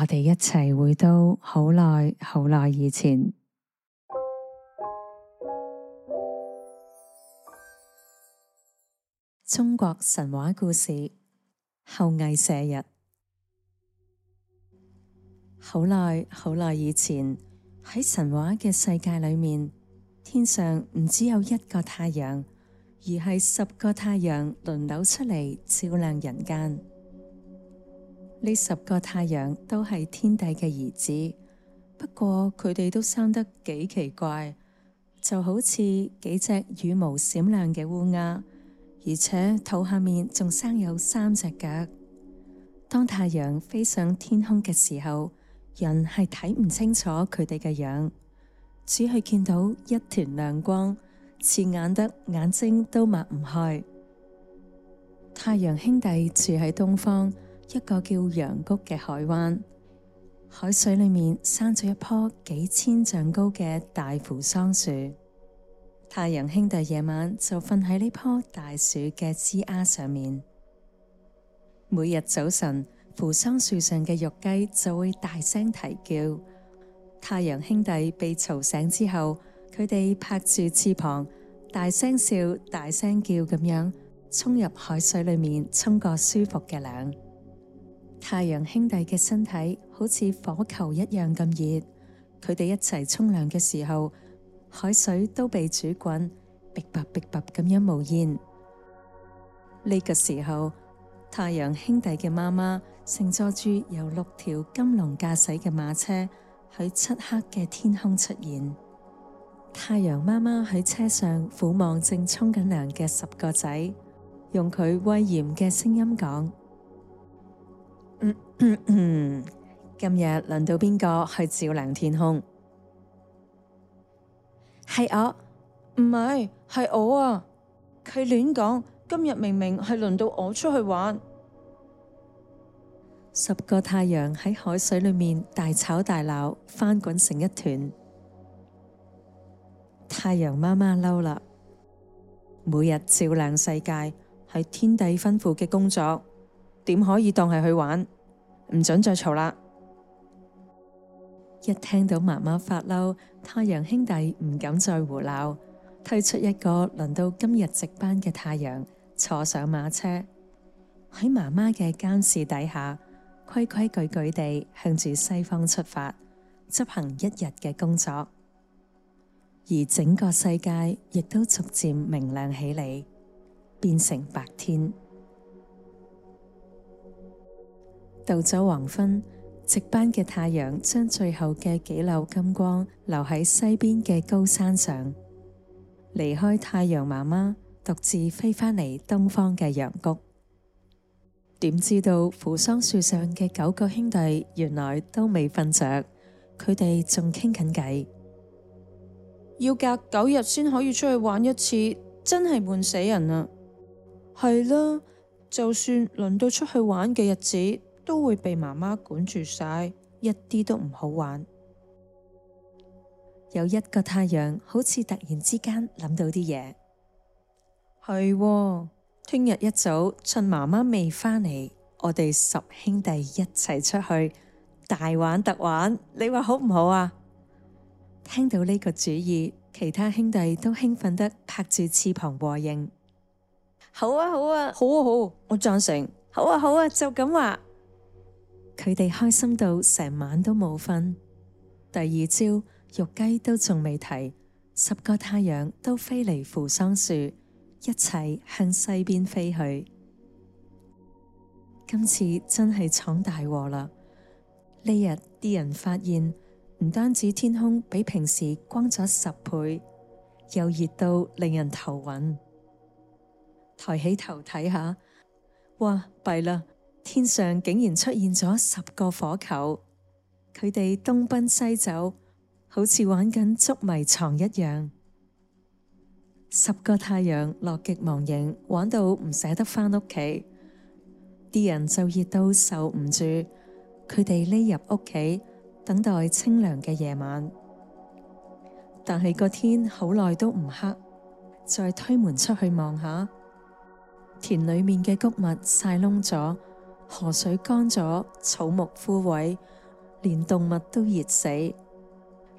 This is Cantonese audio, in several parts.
我哋一齊回到好耐好耐以前，中國神話故事《后羿射日》。好耐好耐以前，喺神話嘅世界裏面，天上唔只有一個太陽，而係十個太陽輪流出嚟照亮人間。呢十個太陽都係天帝嘅兒子，不過佢哋都生得幾奇怪，就好似幾隻羽毛閃亮嘅烏鴉，而且肚下面仲生有三隻腳。當太陽飛上天空嘅時候，人係睇唔清楚佢哋嘅樣，只係見到一團亮光，刺眼得眼睛都擘唔開。太陽兄弟住喺東方。一個叫陽谷嘅海灣，海水裏面生咗一棵幾千丈高嘅大扶桑樹。太陽兄弟夜晚就瞓喺呢棵大樹嘅枝丫上面。每日早晨，扶桑樹上嘅玉雞就會大聲啼叫。太陽兄弟被吵醒之後，佢哋拍住翅膀，大聲笑、大聲叫咁樣衝入海水裏面，沖個舒服嘅涼。太陽兄弟嘅身體好似火球一樣咁熱，佢哋一齊沖涼嘅時候，海水都被煮滾，逼白逼白咁樣冒煙。呢、這個時候，太陽兄弟嘅媽媽，坐住，有六條金龍駕駛嘅馬車，喺漆黑嘅天空出現。太陽媽媽喺車上俯望正沖緊涼嘅十個仔，用佢威嚴嘅聲音講。嗯嗯嗯，今日輪到邊個去照亮天空？係我？唔係，係我啊！佢亂講，今日明明係輪到我出去玩。十個太陽喺海水裏面大吵大鬧，翻滾成一團。太陽媽媽嬲啦！每日照亮世界，係天帝吩咐嘅工作。點可以當係去玩？唔准再嘈喇！一聽到媽媽發嬲，太陽兄弟唔敢再胡鬧，推出一個輪到今日值班嘅太陽，坐上馬車，喺媽媽嘅監視底下，規規矩矩地向住西方出發，執行一日嘅工作。而整個世界亦都逐漸明亮起嚟，變成白天。到咗黃昏，值班嘅太陽將最後嘅幾縷金光留喺西邊嘅高山上，離開太陽媽媽，獨自飛返嚟東方嘅陽谷。點知道扶桑樹上嘅九個兄弟原來都未瞓着，佢哋仲傾緊偈，要隔九日先可以出去玩一次，真係悶死人呀。係咯，就算輪到出去玩嘅日子，都會被媽媽管住晒，一啲都唔好玩。有一個太陽，好似突然之間諗到啲嘢，係喎。聽日一早趁媽媽未返嚟，我哋十兄弟一齊出去大玩特玩，你話好唔好啊？聽到呢個主意，其他兄弟都興奮得拍住翅膀和應，好啊，好啊，好啊，好啊，好啊，好，我贊成。好啊，好啊，好啊，就咁話啊。佢哋開心到成晚都冇瞓，第二朝肉雞都仲未啼，十個太陽都飛嚟扶桑樹，一齊向西邊飛去。今次真係闖大禍啦！呢日啲人發現，唔單止天空比平時光咗十倍，又熱到令人頭暈。抬起頭睇下，哇！弊啦～天上竟然出現咗十個火球，佢哋東奔西走，好似玩緊捉迷藏一樣。十個太陽樂極忘形，玩到唔捨得返屋企，啲人就熱到受唔住，佢哋匿入屋企等待清涼嘅夜晚。但係個天好耐都唔黑，再推門出去望下，田裏面嘅穀物曬窿咗。河水乾咗，草木枯萎，連動物都熱死，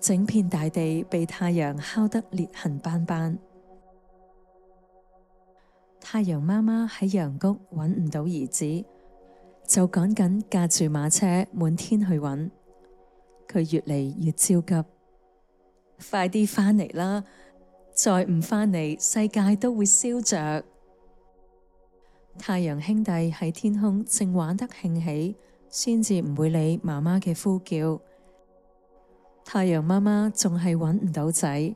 整片大地被太陽烤得裂痕斑斑。太陽媽媽喺陽谷揾唔到兒子，就趕緊駕住馬車滿天去揾。佢越嚟越焦急，快啲返嚟啦！再唔返嚟，世界都會燒着。太陽兄弟喺天空正玩得興起，先至唔會理媽媽嘅呼叫。太陽媽媽仲係揾唔到仔，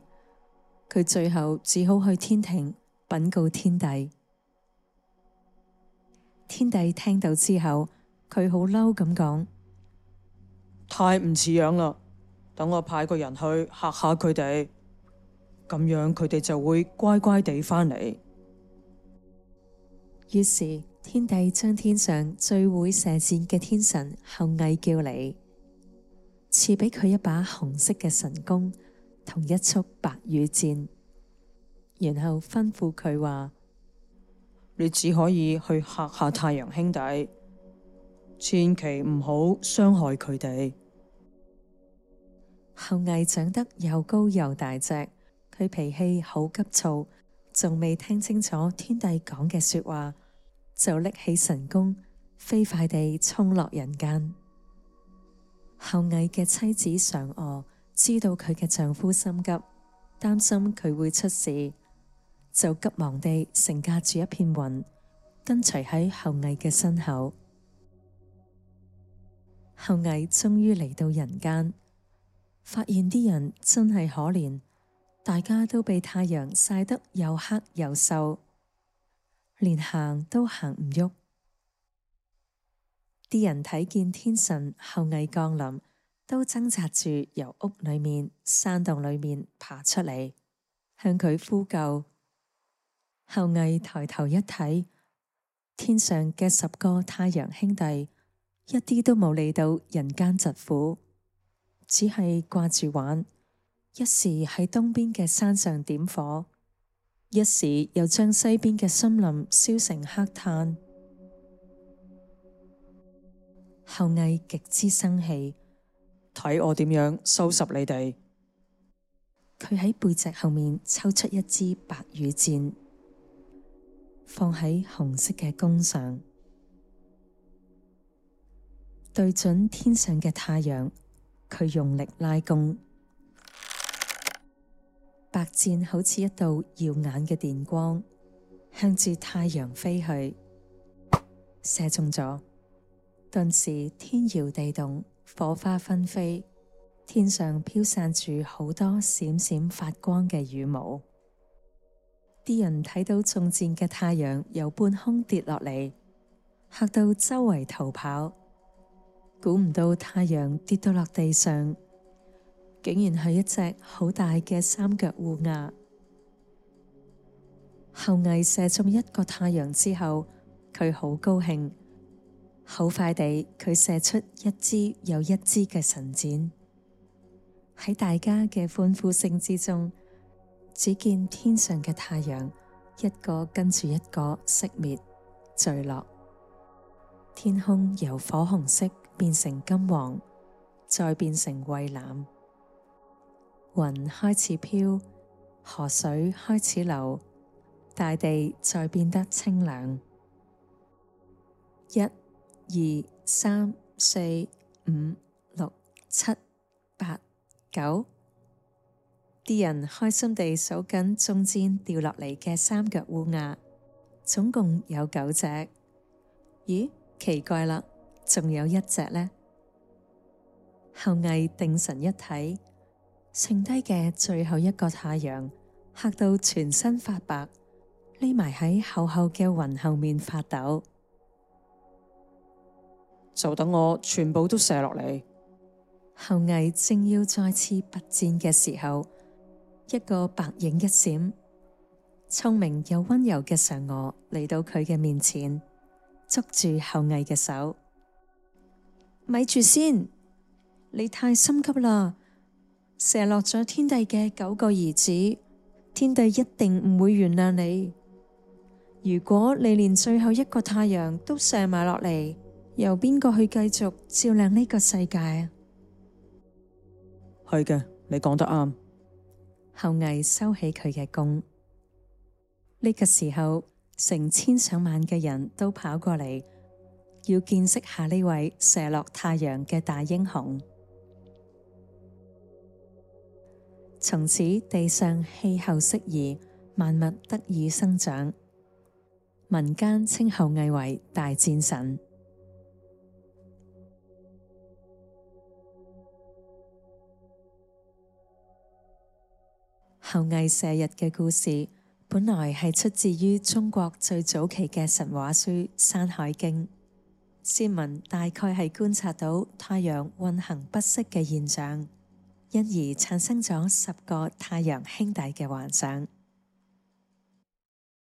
佢最後只好去天庭禀告天帝。天帝聽到之後，佢好嬲咁講：太唔似樣啦！等我派個人去嚇下佢哋，咁樣佢哋就會乖乖地返嚟。於是天帝將天上最會射箭嘅天神後羿叫嚟，賜俾佢一把紅色嘅神弓同一束白羽箭，然後吩咐佢話：你只可以去吓下太陽兄弟，千祈唔好傷害佢哋。後羿長得又高又大隻，佢脾氣好急躁。仲未聽清楚天帝講嘅說話，就拎起神弓，飛快地衝落人間。後羿嘅妻子嫦娥知道佢嘅丈夫心急，擔心佢會出事，就急忙地乘駕住一片雲，跟隨喺後羿嘅身後。後羿終於嚟到人間，發現啲人真係可憐。大家都被太陽曬得又黑又瘦，連行都行唔喐。啲人睇見天神后羿降臨，都掙扎住由屋裏面、山洞裏面爬出嚟，向佢呼救。后羿抬頭一睇，天上嘅十個太陽兄弟，一啲都冇理到人間疾苦，只係掛住玩。一時喺東邊嘅山上點火，一時又將西邊嘅森林燒成黑炭。后羿極之生氣，睇我點樣收拾你哋！佢喺背脊後面抽出一支白羽箭，放喺紅色嘅弓上，對準天上嘅太陽，佢用力拉弓。白箭好似一道耀眼嘅電光，向住太陽飛去，射中咗，頓時天搖地動，火花紛飛，天上飄散住好多閃閃發光嘅羽毛。啲人睇到中箭嘅太陽由半空跌落嚟，吓到周圍逃跑，估唔到太陽跌到落地上。竟然係一隻好大嘅三腳烏鴉，后羿射中一個太陽之後，佢好高興，好快地，佢射出一支又一支嘅神箭。喺大家嘅歡呼聲之中，只見天上嘅太陽一個跟住一個熄滅墜落，天空由火紅色變成金黃，再變成蔚藍。雲開始飄，河水開始流，大地再變得清涼。一、二、三、四、五、六、七、八、九，啲人開心地數緊中箭掉落嚟嘅三腳烏鴉，總共有九隻。咦，奇怪啦，仲有一隻呢？后羿定神一睇。剩低嘅最後一個太陽吓到全身發白，匿埋喺厚厚嘅雲後面發抖，就等我全部都射落嚟。後羿正要再次拔箭嘅時候，一個白影一閃，聰明又溫柔嘅嫦娥嚟到佢嘅面前，捉住後羿嘅手，咪住先，你太心急啦。射落咗天帝嘅九個兒子，天帝一定唔會原諒你。如果你連最後一個太陽都射埋落嚟，由邊個去繼續照亮呢個世界啊？係嘅，你講得啱。后羿收起佢嘅弓。呢個時候，成千上萬嘅人都跑過嚟，要見識下呢位射落太陽嘅大英雄。從此地上氣候適宜，萬物得以生長。民間稱后羿為大戰神。后羿射日嘅故事本來係出自於中國最早期嘅神話書《山海經》。先民大概係觀察到太陽運行不息嘅現象。因而產生咗十個太陽兄弟嘅幻想。